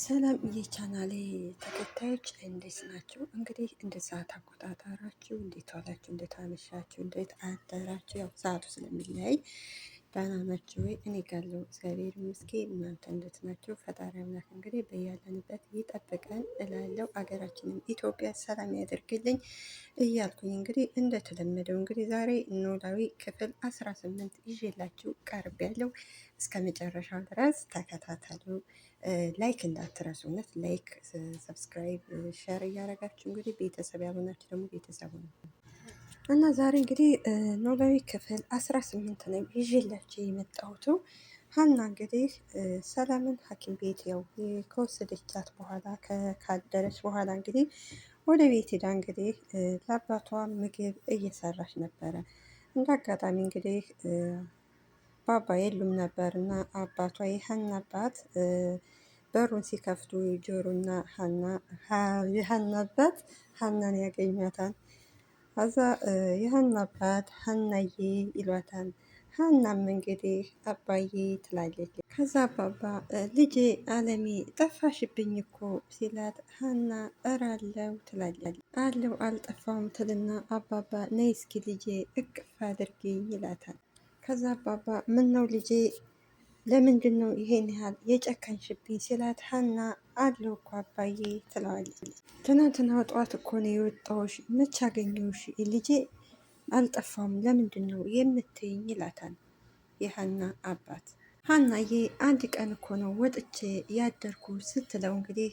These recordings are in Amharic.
ሰላም የቻናሌ ተከታዮች እንዴት ናችሁ? እንግዲህ እንደ ሰዓት አቆጣጠራችሁ እንዴት ዋላችሁ? እንዴት አመሻችሁ? እንዴት አደራችሁ? ያው ሰዓቱ ስለሚለያይ ደህና ናችሁ ወይ? እኔ ጋለው እግዚአብሔር ይመስገን። እናንተ እንዴት ናችሁ? ፈጣሪ አምላክ እንግዲህ በያለንበት ይጠብቀን እላለው። አገራችንም ኢትዮጵያ ሰላም ያደርግልኝ እያልኩኝ እንግዲህ እንደተለመደው እንግዲህ ዛሬ ኖላዊ ክፍል አስራ ስምንት ይዤላችሁ ቀርብ ያለው እስከ መጨረሻው ድረስ ተከታተሉ ላይክ እንዳትረሱ። እውነት ላይክ፣ ሰብስክራይብ፣ ሸር እያደረጋችሁ እንግዲህ ቤተሰብ ያልሆናችሁ ደግሞ ቤተሰብ ነው እና ዛሬ እንግዲህ ኖላዊ ክፍል አስራ ስምንት ነው ይዤላችሁ የመጣሁት። ሀና እንግዲህ ሰላምን ሐኪም ቤት ያው ከወሰደቻት በኋላ ከካደረች በኋላ እንግዲህ ወደ ቤት ሄዳ እንግዲህ ለአባቷ ምግብ እየሰራች ነበረ። እንደ አጋጣሚ እንግዲህ ባባ የሉም ነበር እና አባቷ የሀና አባት በሩን ሲከፍቱ ጆሮና የሀና አባት ሀናን ያገኟታል። አዛ የሀና አባት ሀናዬ ይሏታል። ሀናም እንግዲህ አባዬ ትላለች። ከዛ አባባ ልጄ አለሜ ጠፋሽብኝ እኮ ሲላት ሀና እራለው ትላለች። አለው አልጠፋውም ትልና አባባ ነይ እስኪ ልጄ እቅፍ አድርጌ ይላታል። ከዛ አባባ ምን ነው ልጄ ለምንድን ነው ይሄን ያህል የጨከንሽብኝ ሲላት ሀና አለው እኮ አባዬ ትለዋለች። ትናንትና ጠዋት እኮ ነው የወጣሁሽ መች አገኘሁሽ ልጄ አልጠፋም ለምንድን ነው የምትይኝ ይላታል የሀና አባት። ሀናዬ አንድ ቀን እኮ ነው ወጥቼ ያደርኩ ስትለው እንግዲህ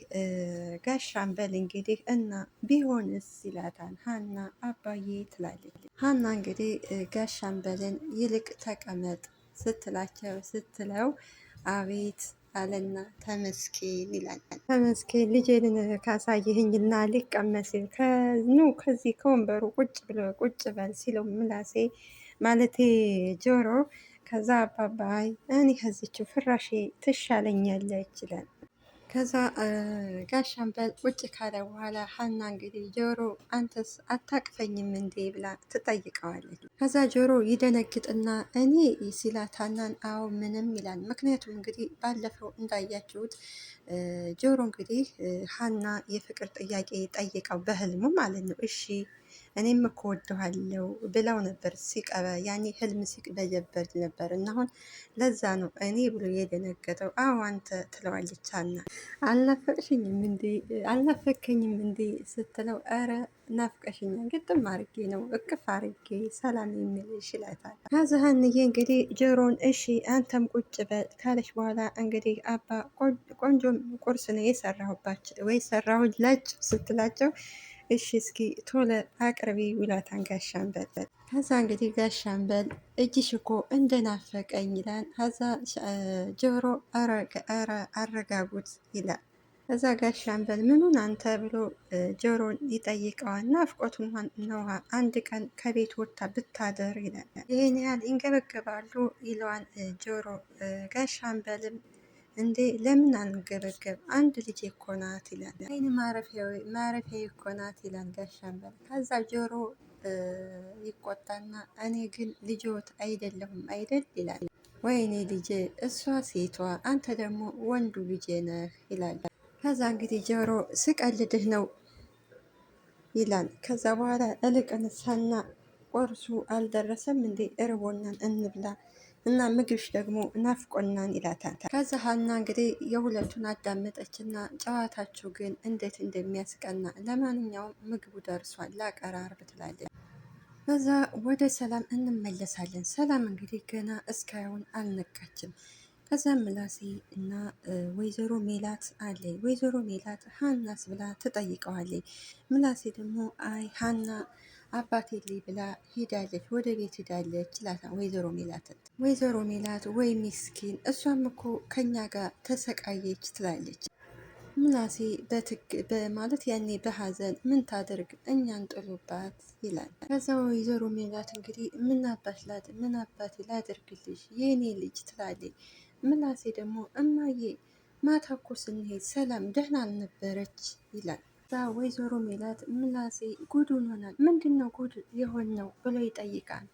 ጋሻን በል እንግዲህ እና ቢሆንስ ይላታል። ሀና አባዬ ትላለች። ሀና እንግዲህ ጋሻን በልን ይልቅ ተቀመጥ ስትላቸው ስትለው አቤት አለና ተመስኬን ይላል። ተመስኬን ልጄን ካሳየህኝና ሊቀመስ ከኑ ከዚህ ከወንበሩ ቁጭ ብለ ቁጭ በል ሲለው ምላሴ ማለቴ ጆሮ ከዛ አባባይ እኔ ከዚችው ፍራሽ ትሻለኛለች ይላል። ከዛ ጋሻምበል ውጭ ካለ በኋላ ሀና እንግዲህ ጆሮ አንተስ አታቅፈኝም እንዴ ብላ ትጠይቀዋለች። ከዛ ጆሮ ይደነግጥና እኔ ሲላት ሀናን አዎ ምንም ይላል። ምክንያቱም እንግዲህ ባለፈው እንዳያችሁት ጆሮ እንግዲህ ሀና የፍቅር ጥያቄ ጠይቀው በህልሙ ማለት ነው እሺ እኔም እኮ ወደኋለው ብለው ነበር ሲቀበ ያኔ ህልም ሲቀበየበት ነበር እና አሁን ለዛ ነው እኔ ብሎ የደነገጠው። አዎ አንተ ትለዋለች አና አልናፈቅሽኝም እንዴ አልናፈከኝም እንዴ ስትለው ኧረ ናፍቀሽኛ ግጥም አርጌ ነው እቅፍ አርጌ ሰላም የሚልሽ ይላታል። ከዛህንዬ እንግዲህ ጆሮን እሺ አንተም ቁጭ በል ካለች በኋላ እንግዲህ አባ ቆንጆም ቁርስ ነው የሰራሁባቸው ወይ ለጭ ስትላቸው እሺ እስኪ ቶሎ አቅርቢ ይላታን ጋሻንበል። ከዛ እንግዲህ ጋሻንበል እጅሽ እኮ እንደናፈቀኝ ይላል። ከዛ ጆሮ አረጋጉት ይላል። ከዛ ጋሻንበል ምኑን አንተ ብሎ ጆሮን ይጠይቀዋል። ናፍቆቱን ነዋ አንድ ቀን ከቤት ወጥታ ብታደር ይላል። ይህን ያህል ይንገበገባሉ ይለዋል ጆሮ። ጋሻንበልም እንዴ ለምን አንገበገብ አንድ ልጅ እኮ ናት ይላል። አይን ማረፊያ እኮ ናት ይላል ጋሽ ከዛ ጆሮ ይቆጣና እኔ ግን ልጆት አይደለሁም አይደል ይላል። ወይኔ ልጄ እሷ ሴቷ፣ አንተ ደግሞ ወንዱ ልጄ ነህ ይላል። ከዛ እንግዲህ ጆሮ ስቀልድህ ነው ይላል። ከዛ በኋላ እልቅ እንሳና ቆርሱ አልደረሰም እንዴ እርቦናን እንብላ እና ምግብሽ ደግሞ ናፍቆናን ይላታል። ከዛ ሀና እንግዲህ የሁለቱን አዳመጠችና ጨዋታቸው ግን እንዴት እንደሚያስቀና ለማንኛውም ምግቡ ደርሷል ላቀራርብ ትላለች። ከዛ ወደ ሰላም እንመለሳለን። ሰላም እንግዲህ ገና እስካሁን አልነቃችም። ከዛ ምላሴ እና ወይዘሮ ሜላት አለ። ወይዘሮ ሜላት ሀናስ ብላ ትጠይቀዋለች። ምላሴ ደግሞ አይ ሀና አባት ልይ ብላ ሄዳለች፣ ወደ ቤት ሄዳለች ይላታ ወይዘሮ ሜላትን። ወይዘሮ ሜላት ወይ ሚስኪን፣ እሷም እኮ ከኛ ጋር ተሰቃየች ትላለች። ምናሴ በትግ በማለት ያኔ በሀዘን ምን ታደርግ እኛን ጥሎባት ይላል። ከዛ ወይዘሮ ሜላት እንግዲህ ምን አባት ላድ ምን አባቴ ላደርግልሽ የእኔ ልጅ ትላለች። ምናሴ ደግሞ እማዬ ማታ እኮ ስንሄድ ሰላም ደህና አልነበረች ይላል። ከዛ ወይዘሮ ሜላት ምላሴ ጉድ ሆኗል፣ ምንድን ነው ጉድ የሆን ነው ብሎ ይጠይቃል።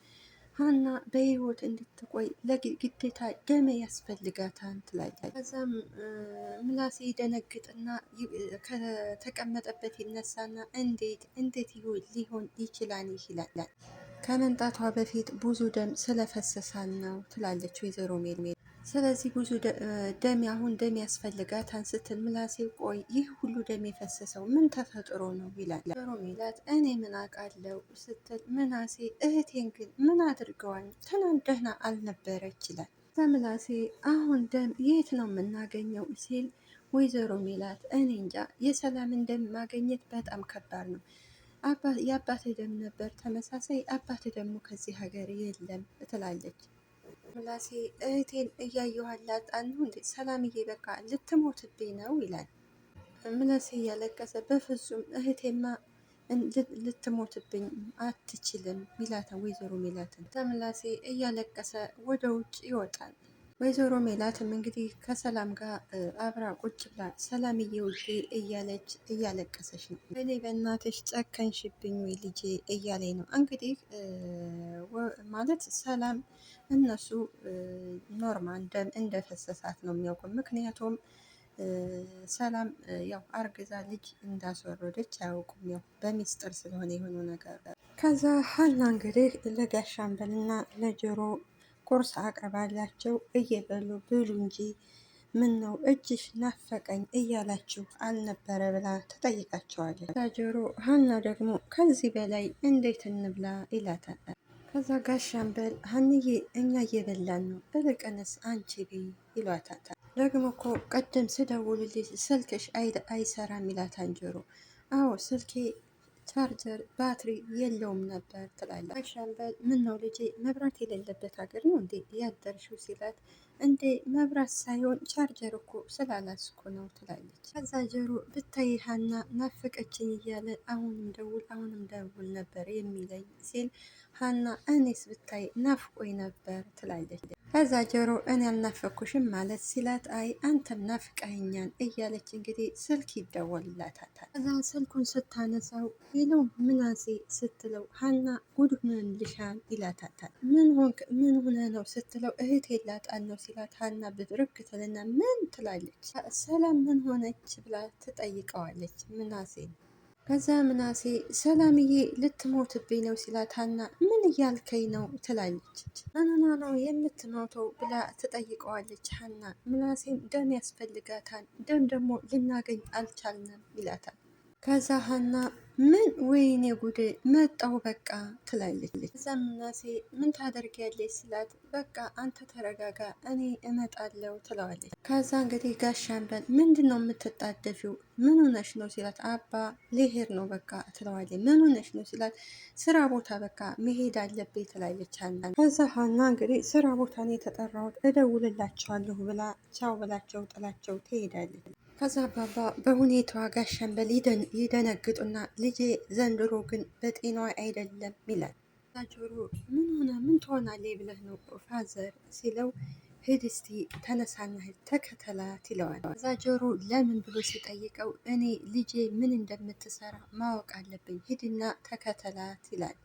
ሀና በህይወት እንድትቆይ ለግዴታ ደም ያስፈልጋታል ትላለች። ከዛም ምላሴ ደነግጥና ከተቀመጠበት ይነሳና እንዴት እንዴት ሊሆን ይችላል ይችላል ከመምጣቷ በፊት ብዙ ደም ስለፈሰሳል ነው ትላለች ወይዘሮ ሜል ስለዚህ ብዙ ደም አሁን ደም ያስፈልጋታል ስትል ምላሴ ቆይ ይህ ሁሉ ደም የፈሰሰው ምን ተፈጥሮ ነው ይላል። ሮሜላት እኔ ምን አቃለው ስትል ምናሴ እህቴን ግን ምን አድርገዋል? ትናንት ደህና አልነበረች ይላል። በምላሴ አሁን ደም የት ነው የምናገኘው ሲል ወይዘሮ ሜላት እኔ እንጃ የሰላምን ደም ማገኘት በጣም ከባድ ነው። የአባት ደም ነበር ተመሳሳይ አባት ደግሞ ከዚህ ሀገር የለም ትላለች። ምላሴ እህቴን እያየኋላት አሉ እንዴ? ሰላምዬ በቃ ልትሞትብኝ ነው ይላል። ምላሴ እያለቀሰ በፍጹም እህቴማ ልትሞትብኝ አትችልም ይላታ ወይዘሮ ሜላትን ተምላሴ እያለቀሰ ወደ ውጭ ይወጣል። ወይዘሮ ሜላትም እንግዲህ ከሰላም ጋር አብራ ቁጭ ብላ ሰላምዬ ውዴ እያለች እያለቀሰች ነው። እኔ በእናትሽ ጨከንሽብኝ ወይ ልጄ እያለኝ ነው እንግዲህ ማለት ሰላም እነሱ ኖርማል ደም እንደፈሰሳት ነው የሚያውቁ። ምክንያቱም ሰላም ያው አርግዛ ልጅ እንዳስወረደች አያውቁም። ያው በሚስጥር ስለሆነ የሆነ ነገር ከዛ ሀና እንግዲህ ለጋሻምበልና ለጆሮ ቁርስ አቅርባላቸው እየበሉ ብሉ እንጂ ነው እጅሽ ናፈቀኝ እያላችሁ አልነበረ ብላ ትጠይቃቸዋለች። ታጀሮ ሀና ደግሞ ከዚህ በላይ እንዴት እንብላ ይላታል። ከዛ ጋሻምበል ሀንዬ እኛ እየበላን ነው፣ እልቅንስ አንቺ ብይ ይሏታታል። ደግሞ እኮ ቀደም ስደውልልሽ ስልክሽ አይሰራም ይላታል ጆሮ። አዎ ስልኬ ቻርጀር ባትሪ የለውም ነበር ትላለች። አይሻምበል ምን ነው ልጄ መብራት የሌለበት ሀገር ነው እንዴ ያደርሽው ሲላት እንዴ መብራት ሳይሆን ቻርጀር እኮ ስላላስኮ ነው ትላለች። አዛጀሩ ብታይ ሀና ናፈቀችኝ እያለ አሁንም ደውል አሁንም ደውል ነበር የሚለኝ ሲል ሀና እኔስ ብታይ ናፍቆኝ ነበር ትላለች። ከዛ ጀሮ እኔ አልናፈኩሽም ማለት ሲላት አይ አንተም ናፍቀኸኛል እያለች እንግዲህ ስልክ ይደወልላታታል። ከዛ ስልኩን ስታነሳው ሄለው ምናሴ ስትለው ሀና ጉድ ሆነልሻል ይላታታል። ምን ሆንክ? ምን ሆነ ነው ስትለው እህት የላጣል ነው ሲላት ሀና ብድርክ ትልና ምን ትላለች። ሰላም ምን ሆነች ብላ ትጠይቀዋለች ምናሴ ከዛ ምናሴ ሰላምዬ ልትሞትብኝ ነው ሲላት ሀና ምን እያልከኝ ነው ትላለች። ምንና ነው የምትሞተው ብላ ትጠይቀዋለች ሀና። ምናሴም ደም ያስፈልጋታል፣ ደም ደግሞ ልናገኝ አልቻልንም ይላታል። ከዛ ሀና ምን ወይኔ ጉዴ መጣው በቃ ትላለች። እዛም ምናሴ ምን ታደርጊያለች ስላት በቃ አንተ ተረጋጋ እኔ እመጣለሁ ትለዋለች። ከዛ እንግዲህ ጋሻንበን አንበል ምንድን ነው የምትጣደፊው? ምን ሆነሽ ነው ሲላት አባ ልሄድ ነው በቃ ትለዋለች። ምን ሆነሽ ነው ሲላት ስራ ቦታ በቃ መሄድ አለብኝ ትላለች ሀና። ከዛ ሀና እንግዲህ ስራ ቦታ ነው የተጠራሁት እደውልላቸዋለሁ ብላ ቻው ብላቸው ጥላቸው ትሄዳለች። ከዛ አባባ በሁኔታዋ ጋሻምበል ይደነግጡና ልጄ ዘንድሮ ግን በጤናዋ አይደለም ይላል። ጆሮ ምን ሆነ ምን ትሆናለች ብለህ ነው ፋዘር ሲለው ሂድ እስቲ ተነሳና ሂድ ተከተላት ይለዋል። ከዛ ጆሮ ለምን ብሎ ሲጠይቀው እኔ ልጄ ምን እንደምትሰራ ማወቅ አለብኝ ሂድና ተከተላት ይላል።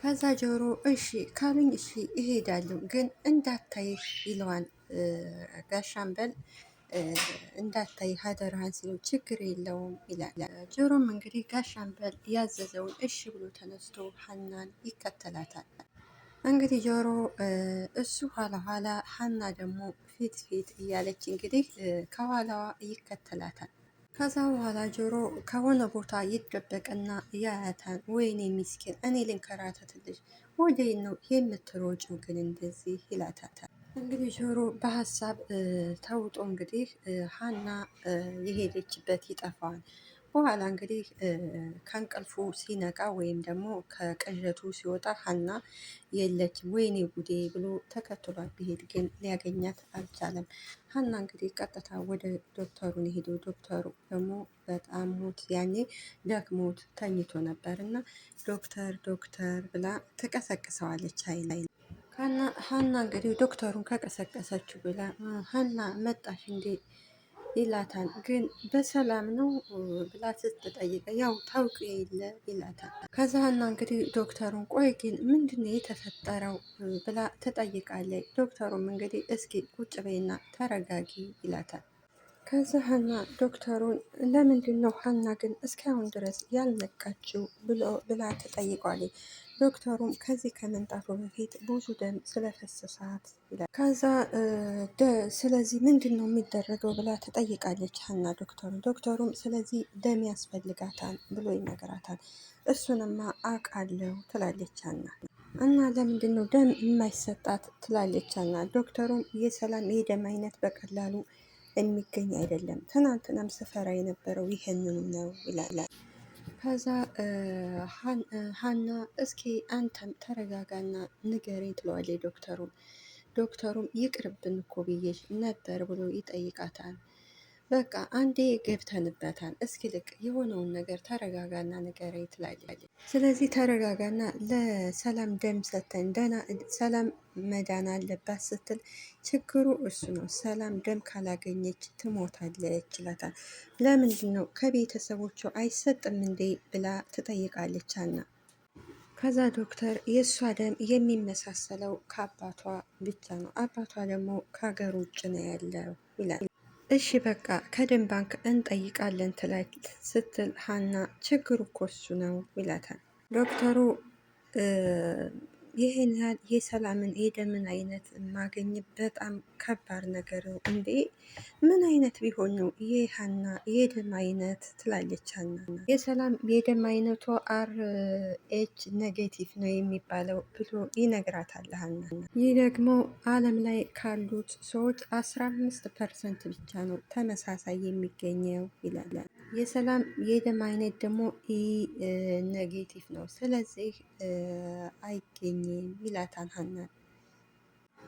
ከዛ ጆሮ እሺ ካሉኝ እሺ እሄዳለሁ ግን እንዳታይሽ ይለዋል ጋሻምበል እንዳታይ ሀደራህን ሲለው ችግር የለውም ይላል። ጆሮም እንግዲህ ጋሽ አምበል ያዘዘውን እሺ ብሎ ተነስቶ ሀናን ይከተላታል። እንግዲህ ጆሮ እሱ ኋላ ኋላ ሀና ደግሞ ፊት ፊት እያለች እንግዲህ ከኋላዋ ይከተላታል። ከዛ በኋላ ጆሮ ከሆነ ቦታ ይደበቅና ያያታል። ወይኔ ሚስኪን፣ እኔ ልንከራተትልሽ ወዴት ነው የምትሮጭው ግን እንደዚህ ይላታታል። እንግዲህ ጆሮ በሀሳብ ተውጦ እንግዲህ ሀና የሄደችበት ይጠፋዋል። በኋላ እንግዲህ ከእንቅልፉ ሲነቃ ወይም ደግሞ ከቅዠቱ ሲወጣ ሀና የለች ወይኔ ጉዴ ብሎ ተከትሏት ቢሄድ ግን ሊያገኛት አልቻለም። ሀና እንግዲህ ቀጥታ ወደ ዶክተሩ ነው ሄዶ ዶክተሩ ደግሞ በጣም ሞት ያኔ ደክሞት ተኝቶ ነበር እና ዶክተር ዶክተር ብላ ትቀሰቅሰዋለች ሀይ ሀና እንግዲህ ዶክተሩን ከቀሰቀሰችው ብላ ሀና መጣሽ እንዴ ይላታል። ግን በሰላም ነው ብላ ስትጠይቀ ያው ታውቅ የለ ይላታል። ከዛ ሀና እንግዲህ ዶክተሩን ቆይ ግን ምንድነው የተፈጠረው ብላ ትጠይቃለች። ዶክተሩም እንግዲህ እስኪ ቁጭ በይና ተረጋጊ ይላታል። ከዛ ሀና ዶክተሩን ለምንድን ነው ሀና ግን እስካሁን ድረስ ያልነቃችው ብላ ተጠይቋል። ዶክተሩም ከዚህ ከመንጣቱ በፊት ብዙ ደም ስለፈሰሳት ይላል። ከዛ ስለዚህ ምንድን ነው የሚደረገው ብላ ትጠይቃለች ሀና ዶክተሩ። ዶክተሩም ስለዚህ ደም ያስፈልጋታል ብሎ ይነገራታል። እሱንማ አውቃለሁ ትላለች ሀና እና ለምንድን ነው ደም የማይሰጣት ትላለች ሀና። ዶክተሩም የሰላም የደም አይነት በቀላሉ የሚገኝ አይደለም። ትናንትናም ስፈራ የነበረው ይህንኑ ነው ይላል። ከዛ ሀና እስኪ አንተም ተረጋጋና ንገሬ ትለዋለች ዶክተሩም ዶክተሩም ይቅርብን እኮ ብዬሽ ነበር ብሎ ይጠይቃታል። በቃ አንዴ ገብተንበታል። እስኪ ልቅ የሆነውን ነገር ተረጋጋና ንገረኝ ትላለች። ስለዚህ ተረጋጋና ለሰላም ደም ሰተን ደና ሰላም መዳን አለባት ስትል ችግሩ እሱ ነው። ሰላም ደም ካላገኘች ትሞታለች ይላታል። ለምንድን ነው ከቤተሰቦቹ አይሰጥም እንዴ ብላ ትጠይቃለች አና ከዛ ዶክተር የእሷ ደም የሚመሳሰለው ከአባቷ ብቻ ነው፣ አባቷ ደግሞ ከሀገር ውጭ ነው ያለው ይላል። እሺ በቃ ከደን ባንክ እንጠይቃለን ትላት ስትል ሀና ችግሩ እኮ እሱ ነው ይላታል ዶክተሩ ይህን ያህል የሰላምን የደምን አይነት ማገኝ በጣም ከባድ ነገር ነው እንዴ! ምን አይነት ቢሆን ነው ይህ የደም አይነት ትላለች። ሀና የሰላም የደም አይነቱ አር ኤች ኔጌቲቭ ነው የሚባለው ብሎ ይነግራታል። ሀና ይህ ደግሞ አለም ላይ ካሉት ሰዎች አስራ አምስት ፐርሰንት ብቻ ነው ተመሳሳይ የሚገኘው ይላል። የሰላም የደም አይነት ደግሞ ኢ ኔጌቲቭ ነው። ስለዚህ አይገኝም ይላታል ሀናን።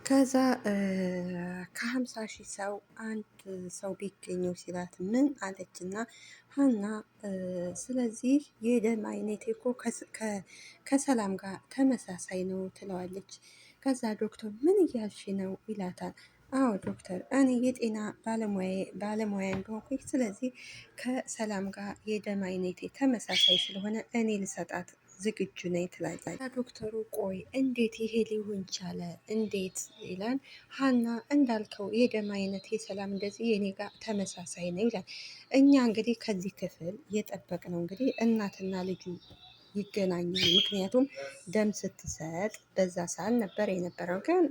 ከዛ ከሀምሳ ሺህ ሰው አንድ ሰው ቢገኘው ሲላት ምን አለች እና ሀና ስለዚህ የደም አይነት እኮ ከሰላም ጋር ተመሳሳይ ነው ትለዋለች። ከዛ ዶክተር ምን እያልሽ ነው ይላታል። አዎ ዶክተር እኔ የጤና ባለሙያ እንደሆንኩኝ ስለዚህ ከሰላም ጋር የደም አይነቴ ተመሳሳይ ስለሆነ እኔ ልሰጣት ዝግጁ ነኝ ትላለች። ዶክተሩ ቆይ እንዴት ይሄ ሊሆን ቻለ እንዴት ይላል። ሀና እንዳልከው የደም አይነት የሰላም እንደዚህ የኔ ጋር ተመሳሳይ ነው ይላል። እኛ እንግዲህ ከዚህ ክፍል የጠበቅ ነው እንግዲህ እናትና ልጁ ይገናኛል። ምክንያቱም ደም ስትሰጥ በዛ ሰዓት ነበር የነበረው፣ ግን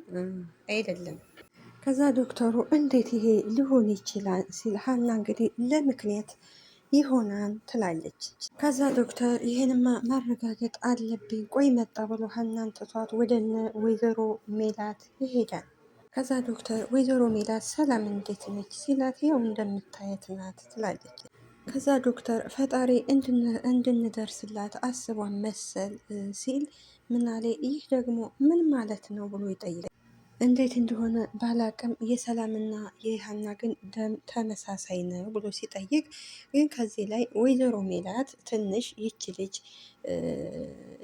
አይደለም ከዛ ዶክተሩ እንዴት ይሄ ሊሆን ይችላል ሲል ሀና እንግዲህ ለምክንያት ይሆናል ትላለች። ከዛ ዶክተር ይህንማ ማረጋገጥ አለብኝ፣ ቆይ መጣ ብሎ ሀናን ጥቷት ወደነ ወይዘሮ ሜላት ይሄዳል። ከዛ ዶክተር ወይዘሮ ሜላት ሰላም እንዴት ነች ሲላት ያው እንደምታየት ናት ትላለች። ከዛ ዶክተር ፈጣሪ እንድንደርስላት አስቧን መሰል ሲል ምናሌ ይህ ደግሞ ምን ማለት ነው ብሎ ይጠይቃል። እንዴት እንደሆነ ባላቅም የሰላምና የሀና ግን ደም ተመሳሳይ ነው ብሎ ሲጠይቅ ግን ከዚህ ላይ ወይዘሮ ሜላት ትንሽ ይች ልጅ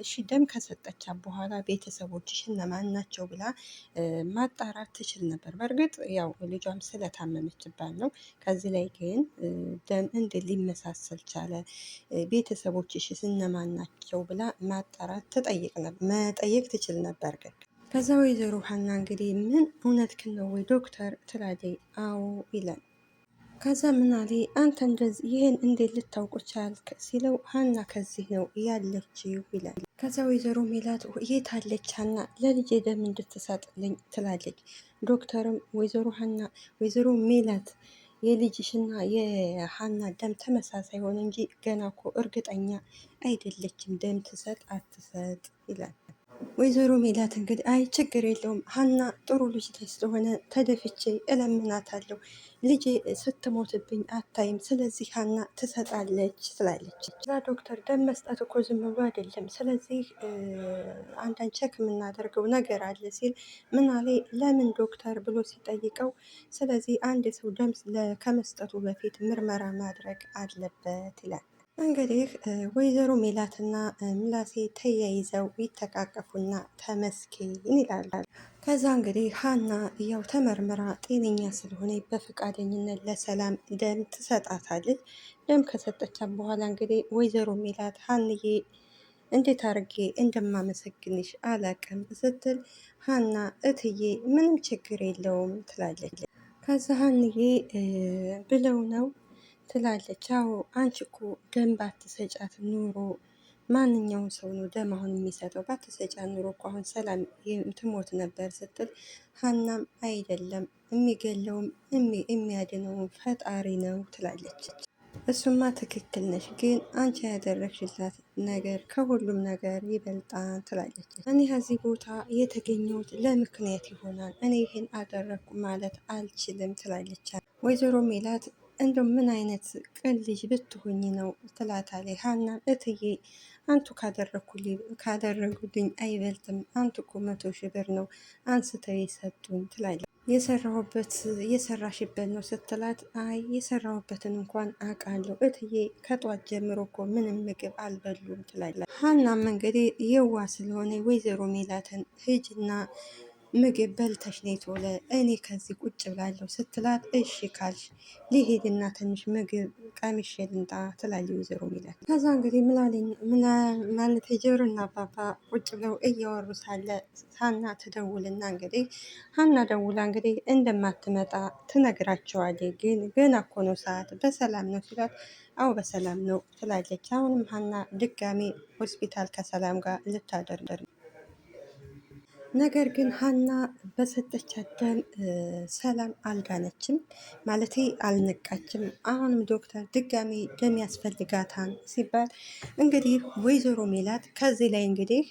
እሺ ደም ከሰጠቻ በኋላ ቤተሰቦችሽ እነማን ናቸው ብላ ማጣራት ትችል ነበር። በእርግጥ ያው ልጇም ስለታመመችባት ነው። ከዚህ ላይ ግን ደም እንዴት ሊመሳሰል ቻለ? ቤተሰቦችሽስ እነማን ናቸው ብላ ማጣራት ትጠይቅ መጠየቅ ትችል ነበር ግን ከዛ ወይዘሮ ሀና እንግዲህ ምን እውነት ክነው ወይ ዶክተር ትላለይ። አዎ ይላል። ከዛ ምናሌ አንተ እንደዚ ይህን እንዴት ልታውቁ ቻልክ ሲለው ሀና ከዚህ ነው ያለችው ይላል። ከዛ ወይዘሮ ሜላት የት አለች ሀና ለልጄ ደም እንድትሰጥልኝ ትላለች። ዶክተርም ወይዘሮ ሀና ወይዘሮ ሜላት የልጅሽና የሀና ደም ተመሳሳይ ሆነ እንጂ ገና እኮ እርግጠኛ አይደለችም ደም ትሰጥ አትሰጥ ይላል። ወይዘሮ ሜላት እንግዲህ አይ ችግር የለውም ሀና ጥሩ ልጅ ላይ ስለሆነ ተደፍቼ እለምናታለሁ ልጄ ስትሞትብኝ አታይም፣ ስለዚህ ሀና ትሰጣለች ስላለች እዛ ዶክተር ደም መስጠት እኮ ዝም ብሎ አይደለም፣ ስለዚህ አንዳንድ ቸክ የምናደርገው ነገር አለ ሲል ምናሌ ለምን ዶክተር ብሎ ሲጠይቀው፣ ስለዚህ አንድ ሰው ደም ከመስጠቱ በፊት ምርመራ ማድረግ አለበት ይላል። እንግዲህ ወይዘሮ ሜላትና ምላሴ ተያይዘው ይተቃቀፉና ተመስኪን ይላሉ። ከዛ እንግዲህ ሀና ያው ተመርምራ ጤነኛ ስለሆነ በፈቃደኝነት ለሰላም ደም ትሰጣታለች። ደም ከሰጠቻት በኋላ እንግዲህ ወይዘሮ ሜላት ሀንዬ እንዴት አርጌ እንደማመሰግንሽ አላቅም ስትል ሀና እትዬ ምንም ችግር የለውም ትላለች። ከዛ ሀንዬ ብለው ነው ትላለች። አዎ አንቺ እኮ ደም ባትሰጫት ኑሮ ማንኛውም ሰው ነው ደም አሁን የሚሰጠው። ባትሰጫት ኑሮ እኮ አሁን ሰላም ትሞት ነበር ስትል ሀናም አይደለም የሚገለውም የሚያድነውም ፈጣሪ ነው ትላለች። እሱማ ትክክል ነሽ፣ ግን አንቺ ያደረግሽላት ነገር ከሁሉም ነገር ይበልጣል ትላለች። እኔ ከዚህ ቦታ የተገኘሁት ለምክንያት ይሆናል፣ እኔ ይህን አደረግኩ ማለት አልችልም ትላለች። ወይዘሮ ሜላት እንዶ ምን አይነት ቅን ልጅ ብትሆኝ ነው ትላታለች ሀና እትዬ አንቱ ካደረጉልኝ አይበልጥም አንቱ እኮ መቶ ሺህ ብር ነው አንስተው የሰጡኝ ትላለች የሰራሁበት የሰራሽበት ነው ስትላት አይ የሰራሁበትን እንኳን አውቃለሁ እትዬ ከጧት ጀምሮ እኮ ምንም ምግብ አልበሉም ትላለች ሀናም እንግዲህ የዋ ስለሆነ ወይዘሮ ሜላትን ህጅና.። ምግብ በልተሽ ነይ ቶሎ እኔ ከዚህ ቁጭ ብላለሁ ስትላት፣ እሺ ካልሽ ሊሄድና ትንሽ ምግብ ቀምሼ ልምጣ ትላለች ወይዘሮ ሚላት። ከዛ እንግዲህ ማለት ጆሮና አባባ ቁጭ ብለው እያወሩ ሳለ ሀና ትደውልና እንግዲህ ሀና ደውላ እንግዲህ እንደማትመጣ ትነግራቸዋለች። ግን ገና እኮ ነው ሰዓት በሰላም ነው ሲላት፣ አዎ በሰላም ነው ትላለች። አሁንም ሀና ድጋሜ ሆስፒታል ከሰላም ጋር ልታደርደር ነገር ግን ሀና በሰጠቻትን ሰላም አልዳነችም፣ ማለት አልነቃችም። አሁንም ዶክተር ድጋሚ ደም ያስፈልጋታን ሲባል እንግዲህ ወይዘሮ ሜላት ከዚህ ላይ እንግዲህ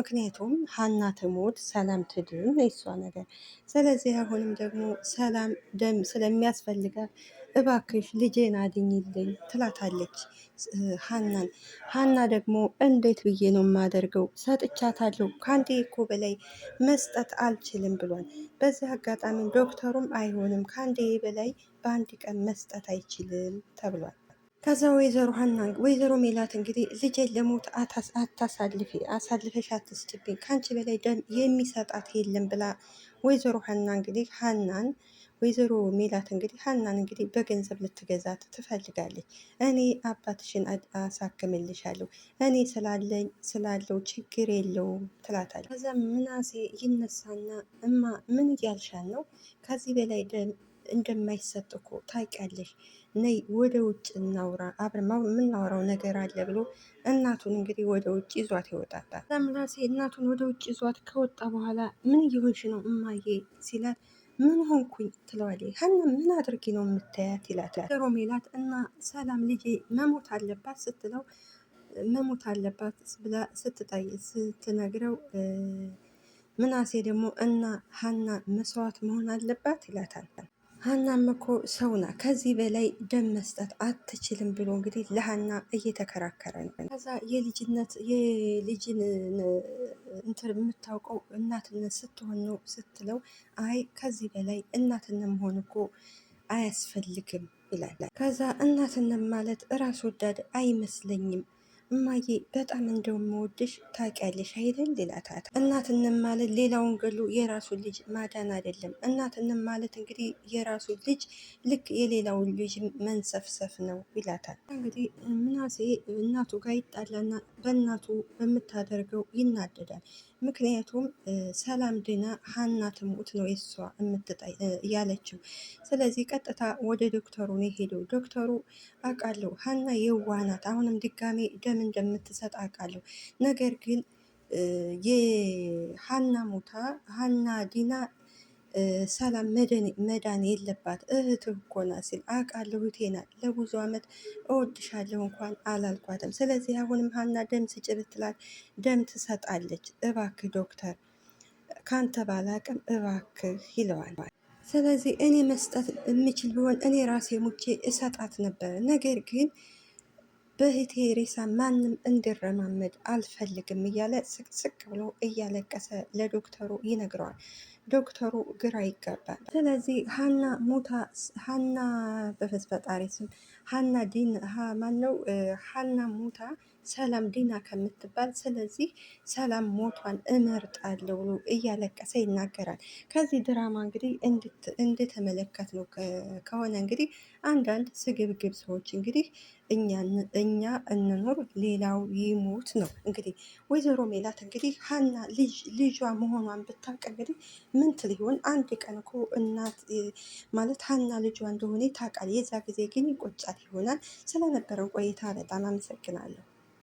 ምክንያቱም ሀና ትሞት ሰላም ትድን የሷ ነገር። ስለዚህ አሁንም ደግሞ ሰላም ደም ስለሚያስፈልጋት እባክሽ ልጄን አድኝልኝ ትላታለች ሀናን። ሀና ደግሞ እንዴት ብዬ ነው የማደርገው? ሰጥቻታለሁ፣ ከአንዴ እኮ በላይ መስጠት አልችልም ብሏል። በዚህ አጋጣሚ ዶክተሩም አይሆንም፣ ከአንዴ በላይ በአንድ ቀን መስጠት አይችልም ተብሏል። ከዛ ወይዘሮ ሀና ወይዘሮ ሜላት እንግዲህ ልጄን ለሞት አታሳልፊ፣ አሳልፈሽ አትስጭብኝ፣ ከአንቺ በላይ ደም የሚሰጣት የለም ብላ ወይዘሮ ሀና እንግዲህ ሀናን ወይዘሮ ሜላት እንግዲህ ሀናን እንግዲህ በገንዘብ ልትገዛት ትፈልጋለች። እኔ አባትሽን አሳክምልሻለሁ እኔ ስላለኝ ስላለው ችግር የለውም ትላታለች። ከዚያም ምናሴ ይነሳና እማ ምን እያልሻን ነው? ከዚህ በላይ እንደማይሰጥ እኮ ታውቂያለሽ። ነይ ወደ ውጭ እናውራ፣ አብረን የምናወራው ነገር አለ ብሎ እናቱን እንግዲህ ወደ ውጭ ይዟት ይወጣታል። ምናሴ እናቱን ወደ ውጭ ይዟት ከወጣ በኋላ ምን እየሆንሽ ነው እማዬ ሲላት ምን ሆንኩኝ ትለዋለች። ሀናም ምን አድርጊ ነው የምታያት ይላታል። ድሮ ሜላት እና ሰላም ልጄ መሞት አለባት ስትለው መሞት አለባት ብላ ስትጠይ ስትነግረው ምናሴ ደግሞ እና ሀና መስዋዕት መሆን አለባት ይላታል። ሀናም እኮ ሰውና ከዚህ በላይ ደም መስጠት አትችልም ብሎ እንግዲህ ለሀና እየተከራከረ ነው። ከዛ የልጅነት የልጅን እንትን የምታውቀው እናትነት ስትሆን ነው ስትለው፣ አይ ከዚህ በላይ እናትነት መሆን እኮ አያስፈልግም ይላል። ከዛ እናትነት ማለት ራስ ወዳድ አይመስለኝም እማዬ በጣም እንደምወድሽ ታውቂያለሽ አይደል ይላታል። እናት እንማለት ሌላውን ገሎ የራሱን ልጅ ማዳን አይደለም። እናት እንማለት እንግዲህ የራሱን ልጅ ልክ የሌላውን ልጅ መንሰፍሰፍ ነው ይላታል። እንግዲህ ምናሴ እናቱ ጋር ይጣላና በእናቱ በምታደርገው ይናደዳል። ምክንያቱም ሰላም ድና ሀና ትሙት ነው የሷ ያለችው። ስለዚህ ቀጥታ ወደ ዶክተሩ ነው የሄደው። ዶክተሩ አውቃለሁ ሀና የዋናት አሁንም ድጋሜ ደም እንደምትሰጥ አውቃለሁ። ነገር ግን የሀና ሙታ ሀና ዲና ሰላም መዳን የለባት እህት እኮና ሲል አውቃለሁ። ቴና ለብዙ ዓመት እወድሻለሁ እንኳን አላልኳትም። ስለዚህ አሁንም ሀና ደም ስጭ ብትላት ደም ትሰጣለች። እባክህ ዶክተር ካንተ ባላቅም እባክህ ይለዋል። ስለዚህ እኔ መስጠት የምችል ቢሆን እኔ ራሴ ሙቼ እሰጣት ነበር ነገር ግን በህቴ ሬሳ ማንም እንዲረማመድ አልፈልግም እያለ ስቅስቅ ብሎ እያለቀሰ ለዶክተሩ ይነግረዋል። ዶክተሩ ግራ ይጋባል። ስለዚህ ሀና ሙታ ሀና በፈስ ፈጣሪ ስም ሀና ዲን ማነው ሀና ሙታ ሰላም ዲና ከምትባል ስለዚህ ሰላም ሞቷን እመርጣለሁ ብሎ እያለቀሰ ይናገራል። ከዚህ ድራማ እንግዲህ እንደተመለከት ነው ከሆነ እንግዲህ አንዳንድ ስግብግብ ሰዎች እንግዲህ እኛ እንኖር ሌላው ይሞት ነው እንግዲህ። ወይዘሮ ሜላት እንግዲህ ሀና ልጇ መሆኗን ብታውቅ እንግዲህ ምን ትል ይሆን? አንድ ቀን እኮ እናት ማለት ሀና ልጇ እንደሆነ ታውቃል። የዛ ጊዜ ግን ይቆጫት ይሆናል። ስለነበረው ቆይታ በጣም አመሰግናለሁ።